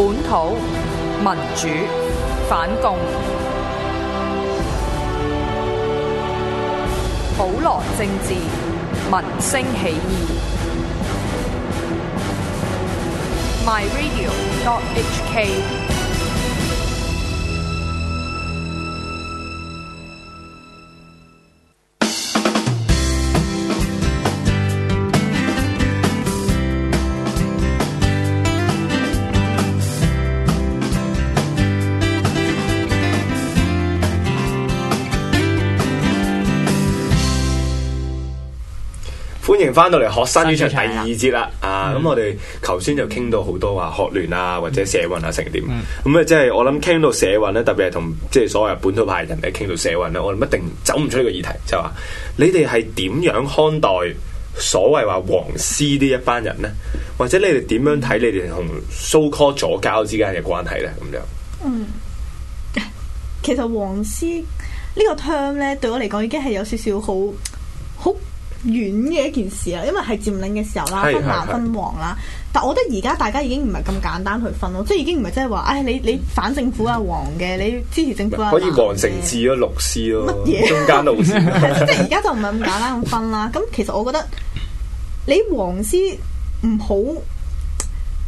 本土民主反共，普羅政治民聲起義。My Radio .hk 歡迎翻到嚟學生主場第二節啦！嗯、啊，咁我哋頭先就傾到好多話學聯啊，或者社運啊，成點咁啊，即係我諗傾到社運咧，特別係同即係所謂本土派人士傾到社運咧，我哋一定走唔出呢個議題，嗯、就話你哋係點樣看待所謂話黃絲呢一班人呢？或者你哋點樣睇你哋同 so-call 左膠之間嘅關係呢？咁樣嗯，其實黃絲呢個 term 咧，對我嚟講已經係有少少好好。好遠嘅一件事啦，因為係佔領嘅時候啦，是是是分藍分黃啦。是是是，但我覺得而家大家已經唔係咁簡單去分咯，即係已經唔係即係話，唉，你你反政府啊，黃嘅，你支持政府啊，可以黃成志咯，綠絲咯，麼中間路線。 即係而家就唔係咁簡單咁分啦。咁其實我覺得你黃絲唔好。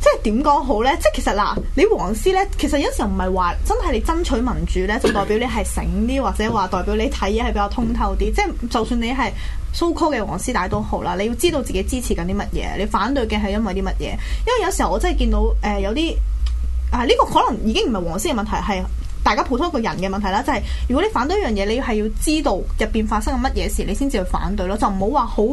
即係點講好呢？即係其實嗱，你黃絲呢，其實有時候唔係話真係你爭取民主呢，就代表你係醒啲，或者話代表你睇嘢係比較通透啲。即係就算你係 so-called 嘅黃絲帶都好啦，你要知道自己支持緊啲乜嘢，你反對嘅係因為啲乜嘢？因為有時候我真係見到誒、呃，有啲啊呢、這個可能已經唔係黃絲嘅問題，係大家普通一個人嘅問題啦。就係、是、如果你反對一樣嘢，你係要知道入邊發生緊乜嘢事，你先至去反對咯，就唔好話好。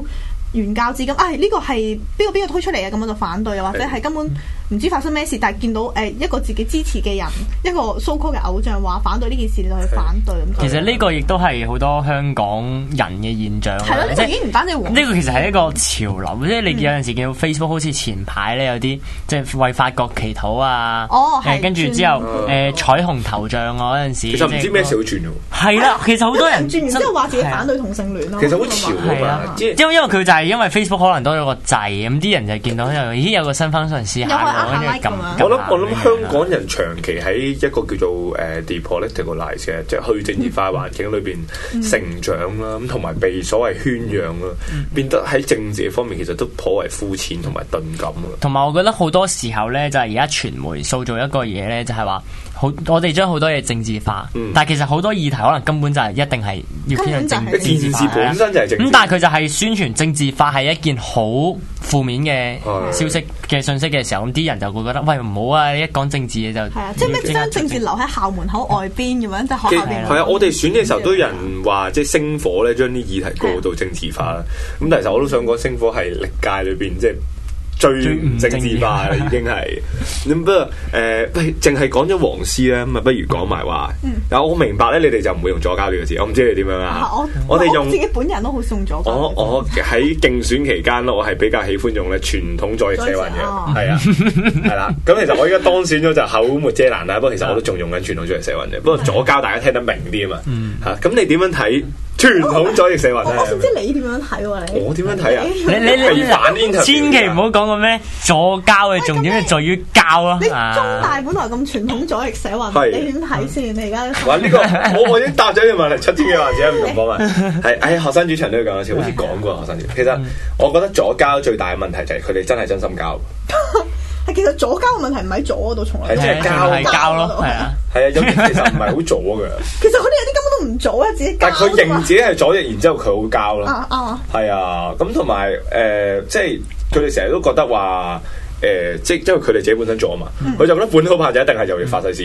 原教至今哎呢、呢個係邊個邊個推出嚟嘅？咁我就反對，或者係根本。唔知發生咩事，但係見到誒一個自己支持嘅人，一個 so-called 嘅偶像話反對呢件事，你就去反對咁。其實呢個亦都係好多香港人嘅現象。係咯，即係已經唔反對呢個其實係一個潮流，即係你有陣時見到 Facebook 好似前排咧有啲即係為法國祈禱啊。哦，跟住之後誒彩虹頭像嗰陣時，其實唔知咩事轉咗。係啦，其實好多人轉完之後話自己反對同性戀咯。其實好潮㗎，係因為因為佢就係因為 Facebook 可能多咗個掣，咁啲人就見到已經有個新方向試下。我諗我諗香港人長期喺一個叫做誒 depoliticised 嘅，即係去政治化環境裏邊成長啦，咁同埋被所謂圈養啊，變得喺政治方面其實都頗為膚淺同埋鈍感，同埋我覺得好多時候咧，就係而家傳媒塑造一個嘢咧，就係話。好，我哋將好多嘢政治化，但係其實好多議題可能根本就係一定係要變政治化，本身就係政治。咁但係佢就係宣傳政治化係一件好負面嘅消息嘅信息嘅時候，咁啲人就會覺得喂，唔好啊！一講政治嘢就係啊，即係咩將政治留喺校門口外邊咁樣，即係學校邊。係啊，我哋選嘅時候都有人話即係星火咧，將啲議題過度政治化啦。咁但係其實我都想講，星火係歷屆裏邊即係。最唔政治化啦，已經係咁、 呃。不過誒，淨係講咗黃絲咧，咁啊不如講埋話。但係我好明白咧，你哋就唔會用左膠呢個字，我唔知你點樣啊。我哋用我自己本人都好送左。我我喺競選期間咯，我係比較喜歡用咧傳統左翼社運嘅，係 啊，係啦、 啊。咁其實我依家當選咗就口沒遮攔啦，不過其實我都仲用緊傳統左翼社運嘅。不過左膠大家聽得明啲、嗯、啊嘛，嚇咁你點樣睇？傳統左翼社話，我唔知你點樣睇喎你。我點樣睇啊？你你你千祈唔好講個咩左交嘅重點咧，在於教咯。你中大本來咁傳統左翼社話，你點睇先？你而家話呢個我已經答咗呢個問題七千幾或者唔同波文系。哎，學生主場都要講一次，好似講過啊。學生主場其實我覺得左交最大嘅問題就係佢哋真係真心交。其實左交嘅問題唔喺左嗰度，從來係喺交咯。係啊，係啊，有啲其實唔係好左嘅。其實佢哋有啲根本。咗啊，自己但係佢認自己係左翼，然之後佢會教咯，係啊，咁同埋誒，即係佢哋成日都覺得話。誒，即係因為佢哋自己本身左啊嘛，佢就覺得本土派就一定係右翼法西斯，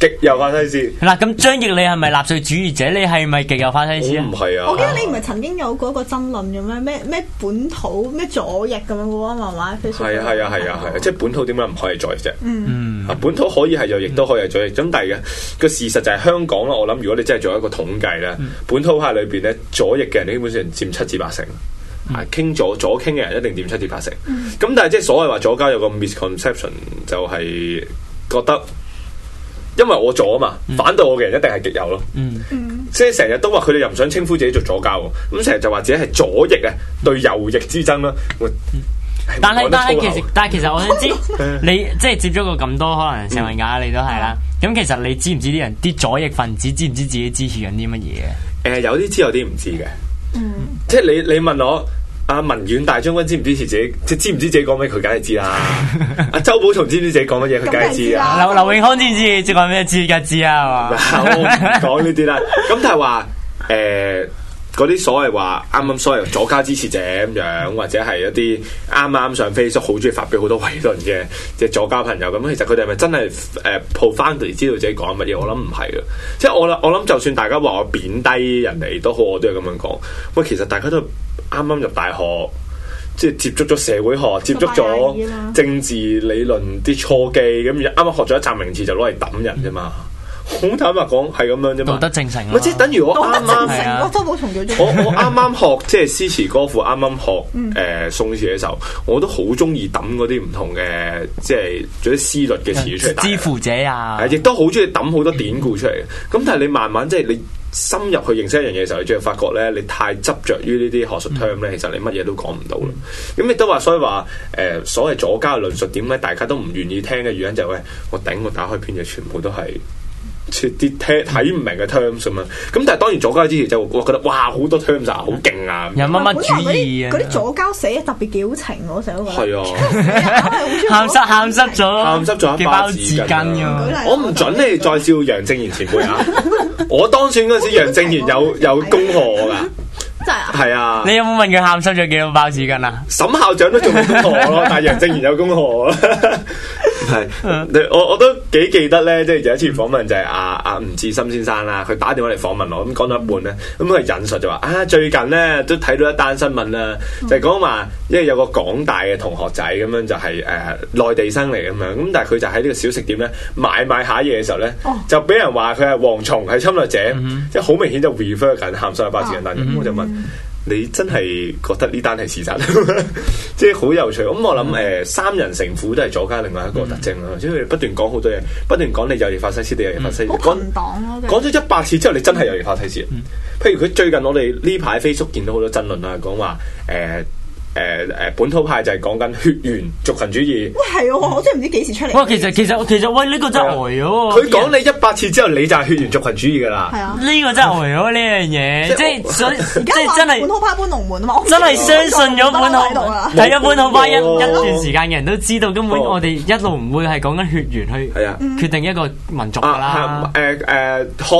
極右法西斯。嗱、嗯，咁張翼你係咪納粹主義者？你係咪極右法西斯？我唔係啊。我記得你唔係曾經有嗰個爭論嘅咩？咩咩本土咩左翼咁樣，話話係啊係啊係啊係啊、啊、啊，即係本土點解唔可以左翼啫？嗯、本土可以係右翼，都可以係左翼。咁但係嘅個事實就係香港咯。我諗如果你真係做一個統計咧，嗯、本土派裏邊咧左翼嘅人基本上佔七至八成。係傾咗左傾嘅人一定點七點八成，咁、嗯、但係即係所謂話左膠有個 misconception 就係覺得，因為我左啊嘛，反對我嘅人一定係極右咯，嗯嗯即係成日都話佢哋又唔想稱呼自己做左膠，咁成日就話自己係左翼啊，對右翼之爭啦、嗯，但係但係其實但係其實我想知、嗯、你即係接觸過咁多可能成文雅你都係啦，咁、嗯嗯、其實你知唔知啲人啲左翼分子知唔知自己支持緊啲乜嘢啊？誒、嗯，有啲知有啲唔知嘅。即係你，你問我阿文遠大將軍知唔知自己？即係知唔知自己講咩？佢梗係知啦。阿周寶松知唔知自己講乜嘢？佢梗係知啦。劉劉永康知唔知？即係講咩？知，梗係知啊。 我唔講呢啲啦。咁但係話誒。欸嗰啲所謂話啱啱所謂左膠支持者咁樣，或者係一啲啱啱上 Facebook 好中意發表好多偉論嘅即係左膠朋友咁，其實佢哋係咪真係誒 profoundly 知道自己講乜嘢？我諗唔係嘅。即係我我諗，就算大家話我貶低人哋都好，我都係咁樣講。喂，其實大家都啱啱入大學，即係接觸咗社會學，接觸咗政治理論啲初基，咁啱啱學咗一集名詞就攞嚟揼人啫嘛～、嗯好坦白講係咁樣啫嘛，道德正成啊，唔係即等於我啱啱我都冇重用咗。我我啱啱學即係詩詞歌賦，啱啱學誒宋詞嘅時候，我都好中意抌嗰啲唔同嘅，即係做啲思律嘅詞語出嚟，之乎者啊，亦都好中意抌好多典故出嚟嘅。咁、嗯、但係你慢慢即係、就是、你深入去認識一樣嘢嘅時候，你就會發覺咧，你太執着於呢啲學術 term 咧，嗯、其實你乜嘢都講唔到啦。咁、嗯、亦都話，所以話誒、呃、所謂左家論述點咧，大家都唔願意聽嘅原因就係、是、喂我頂我打開篇嘢，全部都係。啲聽睇唔明嘅 terms 咁啊，咁但係當然左膠之前就我覺得哇好多 terms 啊，好勁啊！有乜乜主義啊？嗰啲左膠寫特別矯情，我成日話。係啊 喊。喊濕喊濕咗，喊濕咗一包紙巾㗎。巾我唔準你再笑楊正賢前輩啊！ 我當選嗰時，楊正賢有有恭賀我㗎。 真係嗎啊？係啊！你有冇問佢喊濕咗幾多包紙巾啊？沈校長都仲恭賀我咯， 但楊正賢有恭賀我。 係， 我我都幾記得咧，即係有一次訪問就係阿阿吳志森先生啦，佢打電話嚟訪問我，咁講到一半咧，咁佢引述就話啊，最近咧都睇到一單新聞啦，就是，講話因為有個港大嘅同學仔咁樣、嗯、就係、是、誒、呃、內地生嚟咁樣，咁但係佢就喺呢個小食店咧買買下嘢嘅時候咧，就俾人話佢係蝗蟲、係侵略者，嗯嗯、即係好明顯就 refer 緊鹹水八字眼蛋，咁我就問。嗯嗯你真係覺得呢單係事實，即係好有趣。咁、嗯、我諗誒、呃，三人成虎都係左家另外一個特徵啦。嗯、即係不斷講好多嘢，不斷講你又係法西斯，你又係法西斯。講咗一百次之後，你真係又係法西斯。嗯、譬如佢最近我哋呢排 Facebook 見到好多爭論啊，講話誒。誒誒，本土派就係講緊血緣族群主義。哇，係啊，我真係唔知幾時出嚟。哇，其實其實其實喂，呢個真係哦。佢講你一百次之後，你就係血緣族群主義噶啦。係啊，呢個真係哦，呢樣嘢即係而家，即係真係本土派搬龍門啊嘛！真係相信咗本土，係本土派一一段時間嘅人都知道，根本我哋一路唔會係講緊血緣去決定一個民族噶啦。誒誒，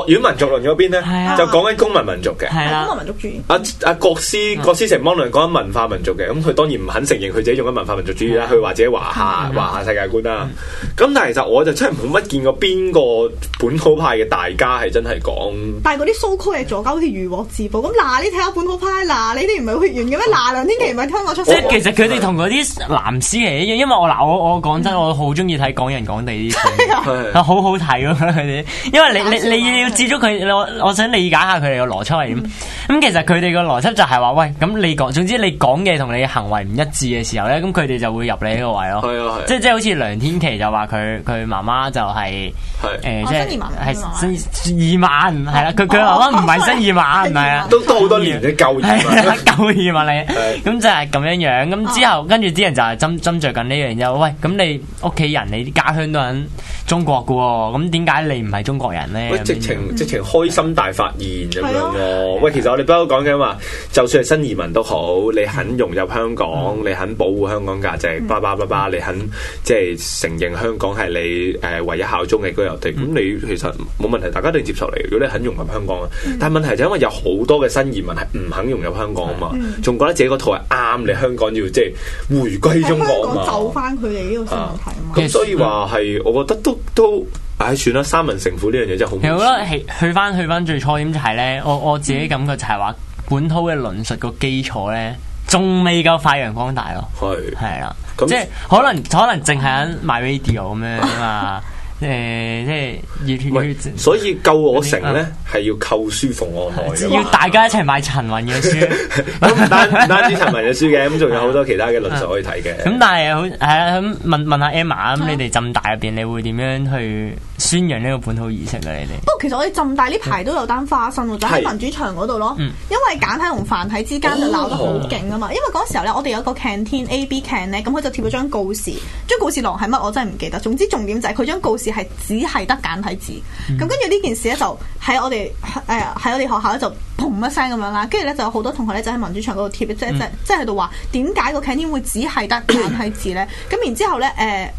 學院民族論嗰邊咧，就講緊公民民族嘅。係啦，公民民族主義。阿阿國師國師陳邦倫講緊文化民族嘅。咁佢當然唔肯承認佢自己用緊文化民族主義啦，佢話自己華夏、嗯、華夏世界觀啦。咁、嗯、但係其實我就真係冇乜見過邊個本土派嘅大家係真係講。但係嗰啲蘇區嘅作家好似如獲至寶。咁嗱，你睇下本土派嗱，那那你哋唔係血緣嘅咩？嗱，梁天琦唔係聽我出。即係其實佢哋同嗰啲藍絲一樣，因為我嗱，我我講真，我好中意睇港人講地啲嘢，啊 好好睇咯佢哋，因為你你你要接觸佢，我想理解下佢哋嘅邏輯係點。咁、嗯、其實佢哋嘅邏輯就係、是、話喂，咁你，你講，總之你講嘅同。你行為唔一致嘅時候咧，咁佢哋就會入你呢個位咯。係 啊,對啊即，即係即係好似梁天琦就話佢佢媽媽就係係誒即係係新二萬係啦，佢佢媽媽唔係新二萬係啊，都都好多年年舊二萬舊二萬嚟，咁就係咁樣樣。咁之後跟住啲人就係爭爭著緊呢樣，嘢。喂咁你屋企人你啲家鄉都肯。中國嘅喎，咁點解你唔係中國人呢？喂，直情直情開心大發現咁樣咯。喂，其實我哋不嬲講緊話，就算係新移民都好，你肯融入香港，你肯保護香港價值，叭叭叭叭，你肯即係承認香港係你誒唯一效忠嘅居留地。咁你其實冇問題，大家都接受你，如果你肯融入香港啊。但係問題就因為有好多嘅新移民係唔肯融入香港啊嘛，仲覺得自己個圖係啱你香港要即係回歸中國啊，就救翻佢哋呢個問題啊，咁所以話係，我覺得都。都唉、哎，算啦，三文成府呢樣嘢真係好恐怖。其實我覺去翻去翻最初點就係咧，我我自己感覺就係話本土嘅論述個基礎咧，仲未夠發揚光大咯。係係啦，即係可能可能淨係喺賣 video 咁樣啊嘛。 誒、呃，即係，喂所以救我城咧，係、嗯、要購書逢我內要大家一齊買陳雲嘅書，唔單唔單止陳雲嘅書嘅，咁仲有好多其他嘅論述可以睇嘅。咁但係好係啊，咁、嗯、問，問問下 Emma 咁 你哋浸大入邊，你會點樣去？宣揚呢個本土意識啊！你哋，不過其實我哋浸大呢排都有單花生喎，是就喺民主牆嗰度咯。嗯、因為簡體同繁體之間就鬧得好勁啊嘛。哦、因為嗰時候咧，我哋有個 canteen A B canteen 咧，咁佢就貼咗張告示。張告示內容係乜我真係唔記得。總之重點就係佢張告示係只係得簡體字。咁跟住呢件事咧，就、呃、喺我哋誒喺我哋學校咧，就砰一聲咁樣啦。跟住咧就有好多同學咧就喺民主牆嗰度貼，即即即係喺度話點解個 canteen 會只係得簡體字咧？咁 然之後咧誒。呃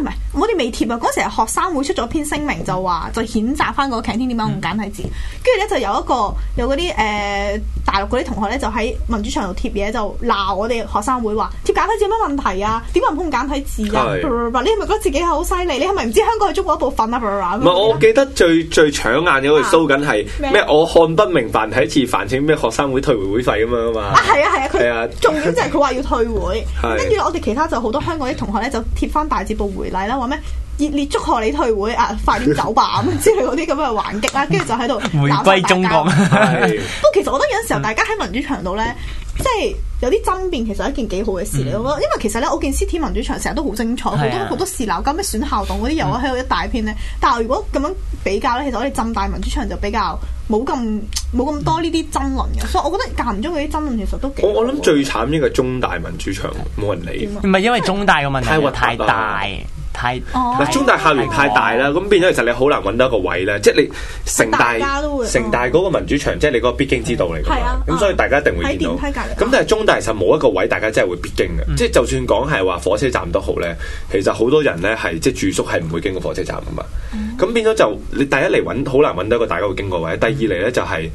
唔係、啊，我哋未貼啊！嗰時係學生會出咗篇聲明，就話就譴責翻個 canteen 點解唔簡體字，跟住咧就有一個有嗰啲誒大陸嗰啲同學咧，就喺民主牆度貼嘢，就鬧我哋學生會話貼簡體字有乜問題啊？點解唔用簡體字啊？R，你係咪覺得自己好犀利？你係咪唔知香港係中國一部分啊？唔係、嗯，我記得最最搶眼嘅收緊係咩？我看不明繁體字，煩請咩學生會退回會費咁樣啊嘛、啊！啊，係、嗯、啊，係啊，佢、啊、重點就係佢話要退會， 啊、跟住我哋其他就好多香港啲同學咧，就貼翻大字報會。回禮啦，話咩熱烈祝賀你退會啊，快啲走吧咁之類嗰啲咁嘅還擊啦，跟、啊、住就喺度迴歸中國，不過 其實我覺得有陣時候，大家喺民主牆度咧。即係有啲爭辯，其實係一件幾好嘅事嚟。我覺得，因為其實咧，我見 City 民主場成日都好精彩，好多好、啊、多事鬧交，咩選校董嗰啲又喺度一大篇咧。嗯、但係如果咁樣比較咧，其實我哋浸大民主場就比較冇咁冇咁多呢啲爭論嘅。所以我覺得間唔中嗰啲爭論其實都幾。我我諗最慘呢個係中大民主場冇、啊、人理。唔係因為中大嘅問題，太核太大。嗯太嗱、哦、中大校園太大啦，咁、哦、變咗其實你好難揾到一個位咧，即係你城大城大嗰個民主牆，即係、哦、你嗰個必經之道嚟。嘅嘛、嗯。咁所以大家一定會見到。梯咁、嗯、但係中大其實冇一個位，大家真係會必經嘅。即係、嗯、就算講係話火車站都好咧，其實好多人咧係即係住宿係唔會經過火車站噶嘛。咁、嗯、變咗就你第一嚟揾好難揾到一個大家會經過位，第二嚟咧就係、是。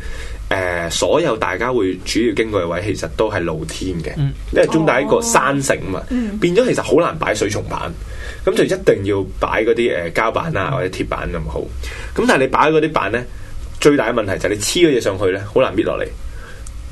誒、呃，所有大家會主要經過嘅位，其實都係露天嘅，嗯、因為中大一個山城嘛，哦、變咗其實好難擺水松板，咁、嗯、就一定要擺嗰啲誒膠板啊、嗯、或者鐵板咁好，咁但係你擺嗰啲板咧，最大嘅問題就係你黐嗰嘢上去咧，好難搣落嚟。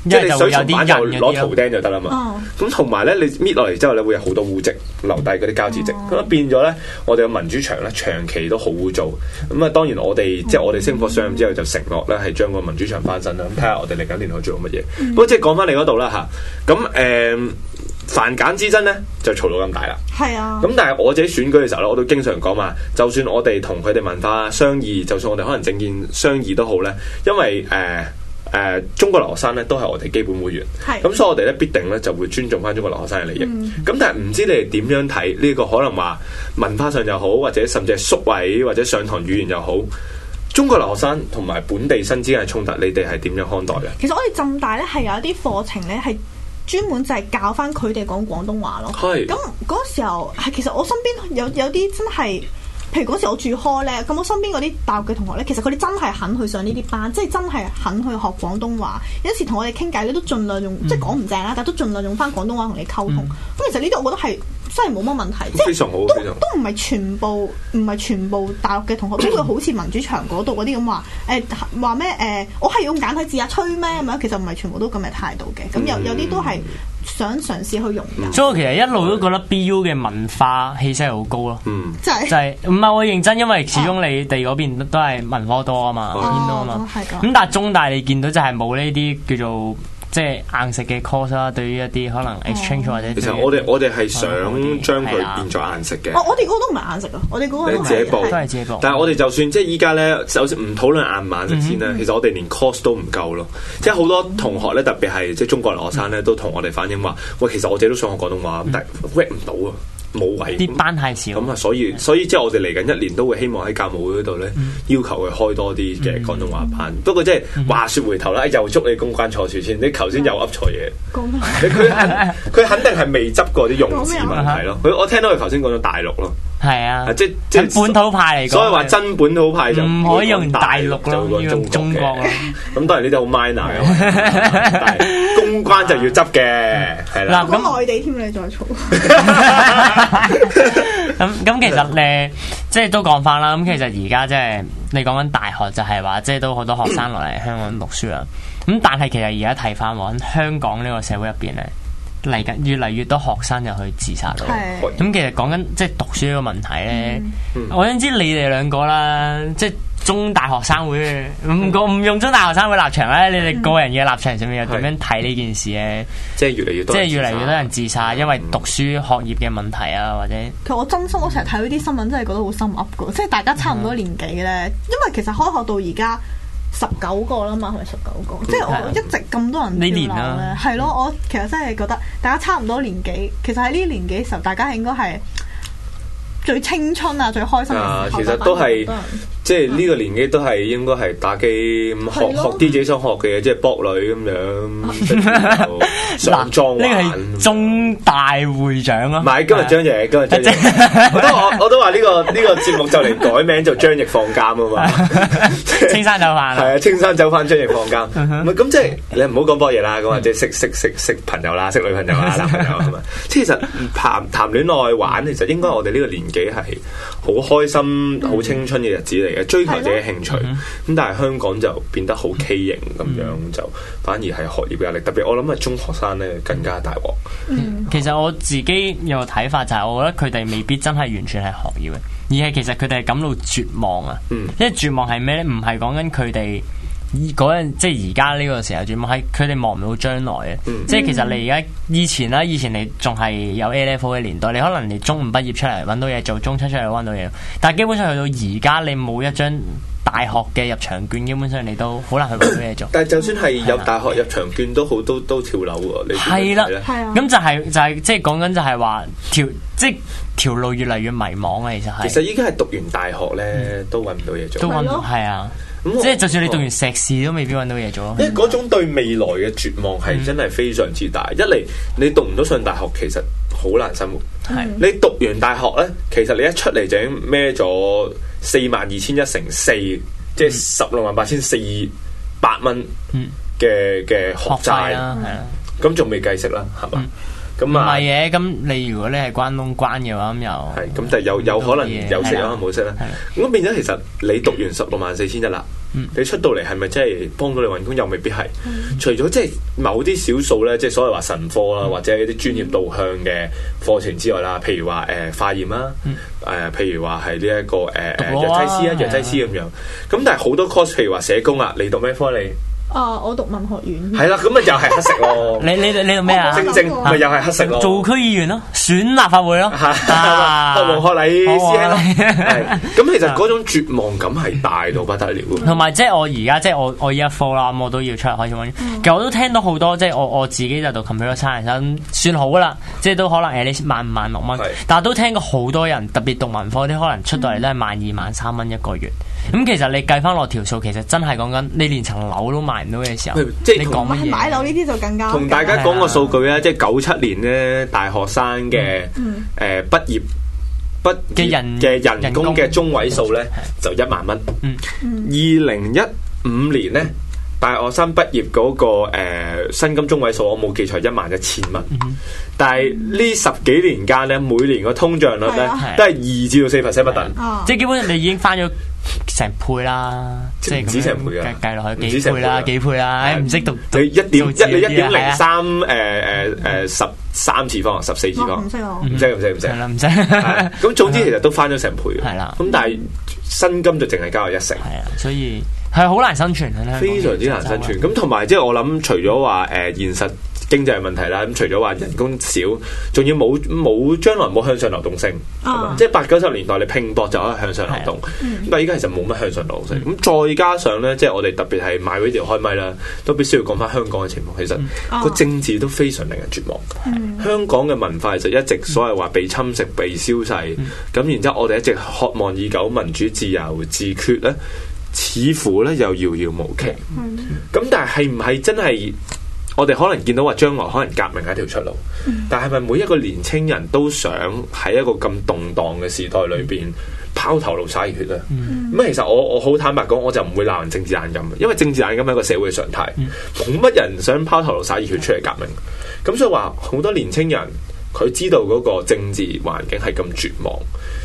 即係你水槽板就攞圖釘就得啦嘛，咁同埋咧你搣落嚟之後咧會有好多污漬留低嗰啲膠紙漬，咁、嗯、變咗咧我哋嘅民主牆咧長期都好污糟，咁啊當然我哋、嗯、即係我哋升火上任之後就承諾咧係將個民主牆翻身啦，咁睇、嗯、下我哋嚟緊年可以做乜嘢，咁、嗯、即係講翻嚟嗰度啦吓，咁誒繁簡之爭咧就吵到咁大啦，係啊、嗯，咁但係我自己選舉嘅時候咧我都經常講嘛，就算我哋同佢哋文化相異，就算我哋可能政見相異都好咧，因為誒。呃呃誒、呃、中國留學生咧都係我哋基本會員，咁是、嗯、所以我哋咧必定咧就會尊重翻中國留學生嘅利益。咁、嗯、但係唔知你哋點樣睇呢，這個可能話文化上又好，或者甚至係宿位或者上堂語言又好，中國留學生同埋本地生之間嘅衝突，你哋係點樣看待嘅？其實我哋浸大咧係有一啲課程咧係專門就係教翻佢哋講廣東話咯。咁嗰是、那個、時候係其實我身邊有有啲真係。譬如嗰時我住開咧，咁我身邊嗰啲大陸嘅同學咧，其實佢哋真係肯去上呢啲班，嗯、即係真係肯去學廣東話。有時同我哋傾偈咧，你都盡量用，嗯、即係講唔正啦，但都盡量用翻廣東話同你溝通。咁、嗯、其實呢啲我覺得係真係冇乜問題，即係都唔係全部，唔係全部大陸嘅同學都會好似民主牆嗰度嗰啲咁話，誒話咩誒？我係用簡體字啊，吹咩？係咪其實唔係全部都咁嘅態度嘅。咁、嗯、有有啲都係。想嘗試去融入，所以我其實一路都覺得 BU 嘅文化氣息係好高咯，嗯，就係、是，就係，唔係我認真，因為始終你哋嗰邊都係文科多啊嘛，哦、邊多啊嘛，咁但係中大你見到就係冇呢啲叫做。即係硬食嘅 course 啦，對於一啲可能 exchange、嗯、或者，其實我哋我哋係想將佢變做硬食嘅的。我哋嗰個都唔係硬食啊，我哋嗰個係都係借的的步。步但係我哋就算即係依家咧，首先唔討論硬唔硬食先啦。嗯、其實我哋連 course 都唔夠咯，即係好多同學咧，特別係即係中國留學生咧，嗯、都同我哋反映話：喂，其實我哋都想學廣東話，嗯、但係 read 唔到啊。冇位，啲班太少。咁啊，所以所以即係我哋嚟緊一年都會希望喺教務會嗰度咧，要求佢開多啲嘅廣東話班。不過即係話説回頭啦，又捉你公關錯處先。你頭先又噏錯嘢，佢肯定係未執過啲用字問題咯。佢我聽到佢頭先講咗大陸咯，係啊，即係本土派嚟。所以話真本土派就唔可以用大陸，就用中國。咁當然呢啲好 minor。關就要執嘅，係啦、嗯。咁外地添，你再嘈。咁咁， 其實咧，即係都講翻啦。咁其實而家即係你講緊大學，就係話，即係都好多學生落嚟香港讀書啊。咁但係其實而家睇翻喎，香港呢個社會入邊咧，嚟緊越嚟越多學生就去自殺咯。咁的其實講緊即係讀書呢個問題咧，嗯、我想知你哋兩個啦，即係。中大學生會唔講唔用中大學生會立場咧？你哋個人嘅立場上面又點樣睇呢件事咧？即係、嗯、越嚟越多，即係越嚟越多人自殺，因為讀書學業嘅問題啊，或者……其實我真心、嗯、我成日睇到啲新聞，真係覺得好心噏噶。即係大家差唔多年紀咧，嗯、因為其實開學到而家十九個啦嘛，係咪十九個？嗯嗯、即係我一直咁多人跳樓、啊、咧，係咯。我其實真係覺得大家差唔多年紀，其實喺呢年紀嘅時候，大家應該係最青春啊，最開心嘅時候啊。其實都係。即係呢個年紀都係應該係打機，學學啲自己想學嘅嘢，即係博女咁樣。 上莊玩，呢個係中大會長啊？唔係，今日張翼，今日張翼，我都我都話呢個呢個節目就嚟改名就張翼放監啊嘛！青山走飯係啊，青山走翻張翼放監。唔係咁即係你唔好講波嘢啦。咁啊，即係識識識識朋友啦，識女朋友啦，男朋友咁啊。其實談談戀愛玩，其實應該我哋呢個年紀係好開心、好青春嘅日子嚟嘅，追求自己嘅興趣。咁但係香港就變得好畸形咁樣，就反而係學業壓力。特別我諗係中學生。更加大鑊。嗯嗯、其實我自己有睇法就係，我覺得佢哋未必真係完全係學業嘅，而係其實佢哋係感到絕望啊。嗯、因為絕望係咩咧？唔係講緊佢哋嗰陣，即係而家呢個時候絕望，係佢哋望唔到將來嘅。嗯、即係其實你而家以前啦，以前你仲係有 A level 嘅年代，你可能你中五畢業出嚟揾到嘢做，中七出嚟揾到嘢，但係基本上去到而家，你冇一張。大學嘅入場券，基本上你都好難去搵到嘢做。但係就算係入大學入場券都好，都都跳樓喎。係啦，咁就係就係即係講緊就係話條即係條路越嚟越迷茫啊！其實其實依家係讀完大學咧都搵唔到嘢做，係啊。咁即係就算你讀完碩士都未必搵到嘢做。一嗰種對未來嘅絕望係真係非常之大。一嚟你讀唔到上大學，其實好難生活。係你讀完大學咧，其實你一出嚟就已經孭咗。四萬二千一乘四，即係十六萬八千四百蚊嘅嘅學債啦，係啊，咁仲未計息啦，係嘛，咁啊唔係嘢，咁、嗯、麼你如果你係關東關嘅話，咁又係，咁就有有，有可能有息，有可能冇息。啦的。咁變咗，其實你讀完十六萬四千一啦。 你出到嚟係咪真係幫到你揾工，又未必係？ 除咗即係某啲少數咧，即係所謂話神科啦， 或者一啲專業導向嘅課程之外啦，譬如話誒化驗啦，誒譬、 呃、如話係呢一個誒藥劑師啊，藥劑師咁樣。咁 但係好多 course 譬如話社工啊，你讀咩科你。啊！我讀文學院。係啦，咁咪又係黑食咯。你你你做咩啊？政咪又係黑食咯。做區議員咯，選立法會咯。啊，文學老師啦。咁其實嗰種絕望感係大到不得了。同埋即係我而家即係我我依一科啦，我都要出嚟開始揾。其實我都聽到好多即係我我自己就讀 computer science，算好啦。即係都可能誒，你萬五萬六蚊，但係都聽過好多人，特別讀文科啲，可能出到嚟都係萬二萬三蚊一個月。咁其實你計翻落條數，其實真係講緊你連層樓都買唔到嘅時候，即係買樓呢啲就更加同大家講個數據咧，即係九七年咧，大學生嘅誒畢業，畢業嘅人嘅人工嘅中位數咧就一萬蚊。二零一五年咧，大學生畢業嗰個誒薪金中位數我冇記錯，一萬一千蚊。但係呢十幾年間咧，每年個通脹率咧都係二至到四 percent 不等。即係基本上你已經翻咗。成倍啦，即係唔止成倍嘅，計落去幾倍啦，幾倍啦，唔識讀，你一點一，你一點零三，誒誒誒，十三次方，十四次方，唔識唔識唔識唔識，唔識，咁總之其實都翻咗成倍係啦，咁但係薪金就淨係加咗一成，係啊，所以係好難生存嘅，非常之難生存，咁同埋即係我諗，除咗話誒現實。經濟嘅問題啦，咁除咗話人工少，仲要冇冇將來冇向上流動性。Oh. 即係八九十年代你拼搏就可以向上流動，oh. 但係依家其實冇乜向上流動性。咁、oh. 再加上呢，即係我哋特別係買條開咪啦，都必須要講翻香港嘅情況。其實個政治都非常令人絕望。Oh. 香港嘅文化就一直所謂話被侵蝕、被消逝，咁、oh. 嗯、然之後我哋一直渴望已久民主、自由、自決呢，似乎呢又遙遙無期。咁但係係唔係真係？我哋可能見到話將來可能革命係一條出路，但係咪每一個年青人都想喺一個咁動盪嘅時代裏邊拋頭顱灑熱血咧？咁、嗯嗯嗯、其實我我好坦白講，我就唔會鬧人政治冷感，因為政治冷感係一個社會常態，冇乜人想拋頭顱灑熱血出嚟革命。咁所以話好多年青人佢知道嗰個政治環境係咁絕望，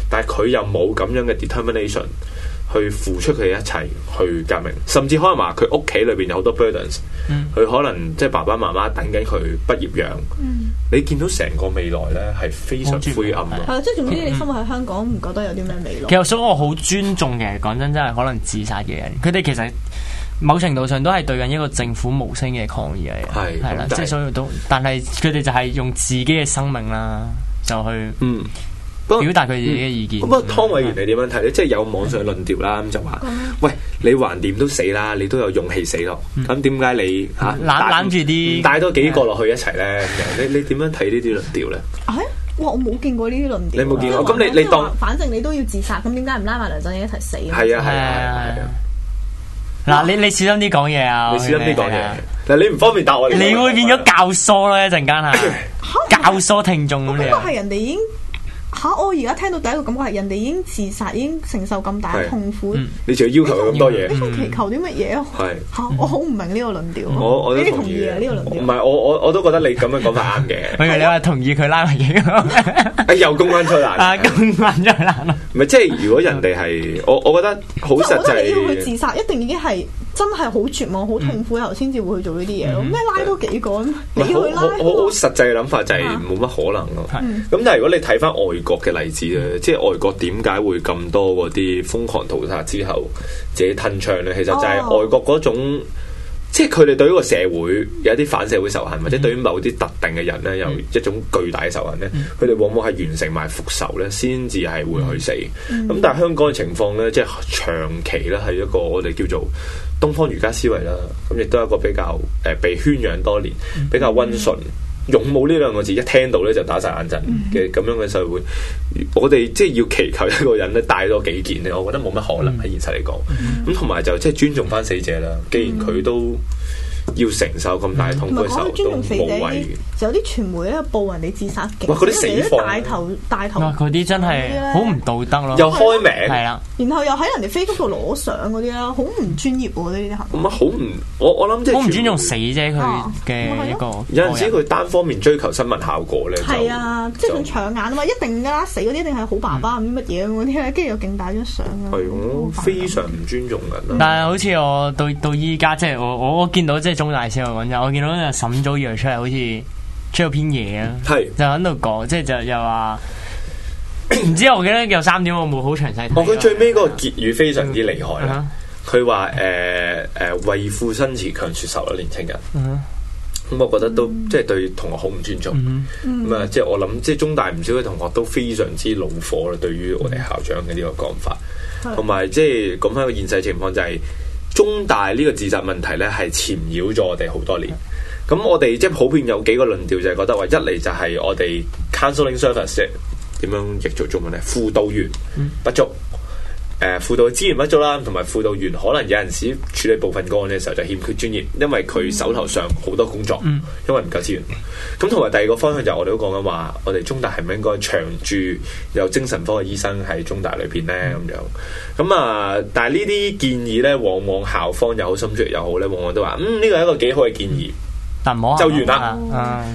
但係佢又冇咁樣嘅 determination。去付出佢一切去革命，甚至可能話佢屋企裏邊有好多 burdens，佢、嗯、可能即係爸爸媽媽等緊佢畢業養，嗯、你見到成個未來咧係非常灰暗啊！即係總之你生活喺香港唔覺得有啲咩未來。嗯嗯嗯、其實所以我好尊重嘅，講真真係可能自殺嘅人，佢哋其實某程度上都係對緊一個政府無聲嘅抗議嚟嘅，係係啦，即係所以都，但係佢哋就係用自己嘅生命啦，就去嗯。嗯表達佢自己嘅意見。咁啊，湯偉圓你點樣睇咧？即係有網上論調啦，咁就話，喂，你橫掂都死啦，你都有勇氣死咯。咁點解你吓攬攬住啲帶多幾個落去一齊咧？你你點樣睇呢啲論調咧？哇，我冇見過呢啲論調。你冇見過？咁你你當反正你都要自殺，咁點解唔拉埋梁振英一齊死？係啊係啊係啊！嗱，你你小心啲講嘢啊！你小心啲講嘢。但係你唔方便答我，你會變咗教唆咧一陣間啊，教唆聽眾咁係人哋已經。吓！我而家聽到第一個感覺係人哋已經自殺，已經承受咁大嘅痛苦。你仲要要求咁多嘢？你祈求啲乜嘢？係嚇！我好唔明呢個論調。我我都同意啊！呢個論調唔係我我我都覺得你咁樣講法啱嘅。係你話同意佢拉埋影啊？又公關災難啊！公關災難啊！唔係即係如果人哋係我，我覺得好實際。我覺得你要佢自殺，一定已經係。真係好絕望，好痛苦，後先至會去做呢啲嘢。咩拉多幾個，你去拉都，好好，好實際嘅諗法就係冇乜可能咯。係咁，啊，但係如果你睇翻外國嘅例子咧，即係外國點解會咁多嗰啲瘋狂屠殺之後自己吞槍咧？其實就係外國嗰種，哦、即係佢哋對呢個社會有一啲反社會仇恨，嗯、或者對於某啲特定嘅人咧，有一種巨大嘅仇恨咧，佢哋、嗯、往往係完成埋復仇咧，先至係會去死。咁、嗯、但係香港嘅情況咧，即係長期咧係一個我哋叫做。東方儒家思維啦，咁亦都係一個比較誒被圈養多年，嗯、比較温順、嗯、勇武呢兩個字，一聽到咧就打晒眼震嘅咁、嗯、樣嘅社會，我哋即係要祈求一個人咧帶多幾件咧，我覺得冇乜可能喺、嗯、現實嚟講。咁同埋就即係尊重翻死者啦，既然佢都。嗯嗯嗯要承受咁大痛苦，尊重死者。喂，有啲傳媒咧報人哋自殺嘅，嗰啲死況大頭大頭，嗰啲真係好唔道德咯，又開名係啦。然後又喺人哋 Facebook 度攞相嗰啲啦，好唔專業喎！呢啲行為咁啊，好唔我我諗好唔尊重死啫，佢嘅一個。有陣時佢單方面追求新聞效果咧，係啊，即係咁搶眼啊嘛！一定噶啦，死嗰啲一定係好爸爸咁乜嘢嗰啲跟住又勁大張相啊，係我非常唔尊重噶。但係好似我到到依家即係我我見到即即係中大先，我講真，我見到阿沈祖堯出嚟，好似出有篇嘢啊，就喺度講，即係就又話，唔知我記得有三點，我冇好詳細。睇佢最尾嗰個結語非常之厲害啦，佢話誒誒，為賦新詞強說愁咯，年青人。咁我覺得都即係對同學好唔尊重。咁啊，即係我諗，即係中大唔少嘅同學都非常之怒火啦，對於我哋校長嘅呢個講法，同埋即係講翻個現實情況就係。中大呢個自殺問題呢，係纏繞咗我哋好多年。咁我哋即係普遍有幾個論調，就係、是、覺得話一嚟就係我哋 counseling service 點樣譯做中文呢，輔導員、嗯、不足。誒輔導資源不足啦，同埋輔導員可能有陣時處理部分個案嘅時候就欠缺專業，因為佢手頭上好多工作，因為唔夠資源。咁同埋第二個方向就係我哋都講緊話，我哋中大係咪應該長住有精神科嘅醫生喺中大裏邊呢？咁樣。咁啊，但係呢啲建議呢，往往校方又好，心專又好呢，往往都話，嗯，呢個係一個幾好嘅建議。就完啦，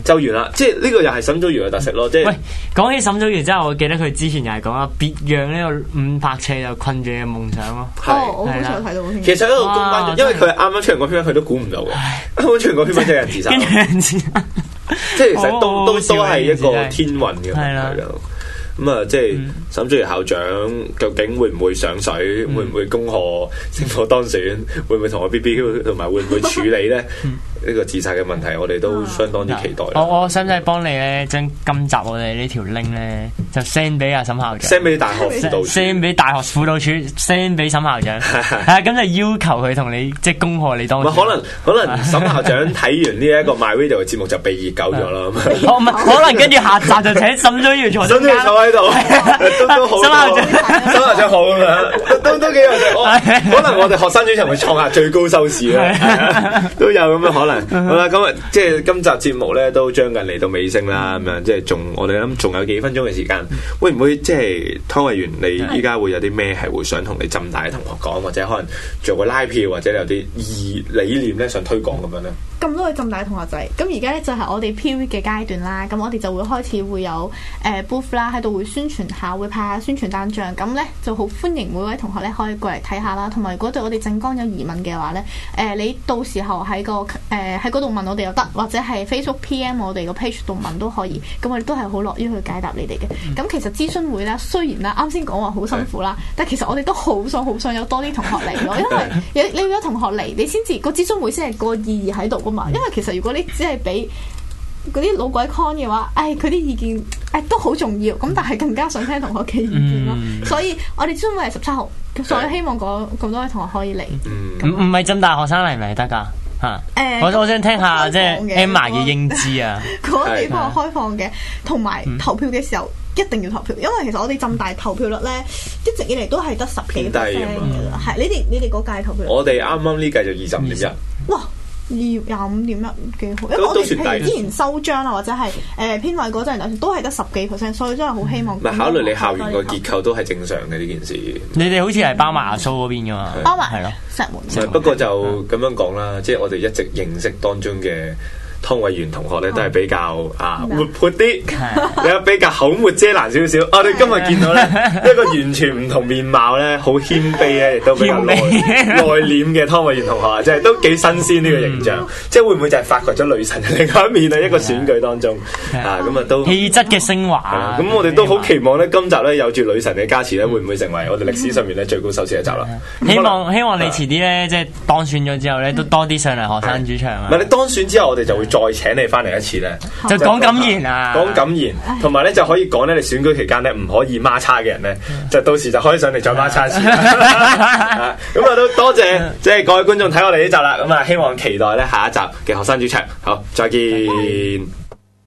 就完啦，即係呢個又係沈祖堯嘅特色咯。即係，喂，講起沈祖堯之後，我記得佢之前又係講啊，別讓呢個五百尺又困住你嘅夢想咯。係，我好想睇到。其實喺度公關，因為佢啱啱出完個篇，佢都估唔到嘅。出啱唱個片真係自殺。跟住，即係其實都都都係一個天運嘅，係啦。咁啊，即係。沈忠堯校長究竟會唔會上水？會唔會恭賀？先可當選？會唔會同我 B B？同埋會唔會處理咧呢個自殺嘅問題？我哋都相當之期待。我我使唔使幫你咧？將今集我哋呢條 link 咧，就 send 俾阿沈校長。send 俾大學輔導處。send 俾大學輔導處。send 俾沈校長。係咁就要求佢同你即係恭賀你當唔可能可能沈校長睇完呢一個 MyVideo 嘅節目就被熱狗咗啦。我唔係可能跟住下集就請沈忠堯坐。沈忠堯坐喺度。都好，收下章，收好咁樣，都 都幾好。哦、 可能我哋學生主場就會創下最高收視啦、 啊，都有咁嘅可能。 好啦，咁啊、嗯嗯，即係今集節目咧都將近嚟到尾聲啦，咁樣，即係仲我哋諗仲有幾分鐘嘅時間，嗯、會唔會即係湯偉圓你依家會有啲咩係會想同你浸大嘅同學講，或者可能做個拉票，或者你有啲意理念咧想推廣咁樣咧？咁多位浸大同學仔，咁而家咧就係我哋 PV 嘅階段啦，咁我哋就會開始會有誒 booth 啦，喺度會宣傳下，會。下宣傳單張，咁呢就好歡迎每位同學呢可以過嚟睇下啦，同埋如果對我哋政綱有疑問嘅話呢，誒、呃、你到時候喺個誒喺嗰度問我哋又得，或者係 Facebook PM 我哋個 page 度問都可以，咁我哋都係好樂於去解答你哋嘅。咁、嗯、其實諮詢會呢，雖然啦啱先講話好辛苦啦，的但其實我哋都好想好想有多啲同學嚟咯，因為有你要有同學嚟，你先至個諮詢會先係個意義喺度噶嘛。因為其實如果你只係俾嗰啲老鬼 con 嘅話，唉，佢啲意見，唉，都好重要。咁但係更加想聽同學嘅意見咯。所以我哋專門係十七號，所以希望嗰咁多位同學可以嚟。唔唔係浸大學生嚟咪得噶嚇？誒，我我想聽下即係 Emma 嘅英姿啊。嗰地方係開放嘅，同埋投票嘅時候一定要投票，因為其實我哋浸大投票率咧一直以嚟都係得十幾 percent 嘅。係你哋你哋個屆投票，我哋啱啱呢屆就二十五人。二廿五點一幾好，因為我哋譬如之前收張啊，或者係誒、呃、編委嗰陣，就算都係得十幾 percent，所以真係好希望。唔係考慮你校園個結構都係正常嘅呢、嗯、件事。你哋好似係包埋亞蘇嗰邊㗎嘛？包埋係咯，馬了石門。石門不過就咁樣講啦，嗯、即係我哋一直認識當中嘅。湯偉圓同學咧都係比較啊活潑啲，有比較口沒遮攔少少。我哋今日見到咧一個完全唔同面貌咧，好謙卑啊，亦都比較內斂嘅湯偉圓同學，即係都幾新鮮呢個形象。即係會唔會就係發掘咗女神另外一面啊？一個選舉當中啊，咁啊都氣質嘅升華。咁我哋都好期望咧，今集咧有住女神嘅加持咧，會唔會成為我哋歷史上面咧最高收視嘅集啦？希望希望你遲啲咧，即係當選咗之後咧，都多啲上嚟學生主場啊！唔係你當選之後，我哋就會。再請你翻嚟一次咧，就講感言啊，講感言，同埋咧就可以講咧，你選舉期間咧唔可以孖叉嘅人咧， 就到時就可以上嚟再孖叉一次啦。咁啊都多謝，即係各位觀眾睇我哋呢集啦。咁啊，希望期待咧下一集嘅學生主場。好，再見。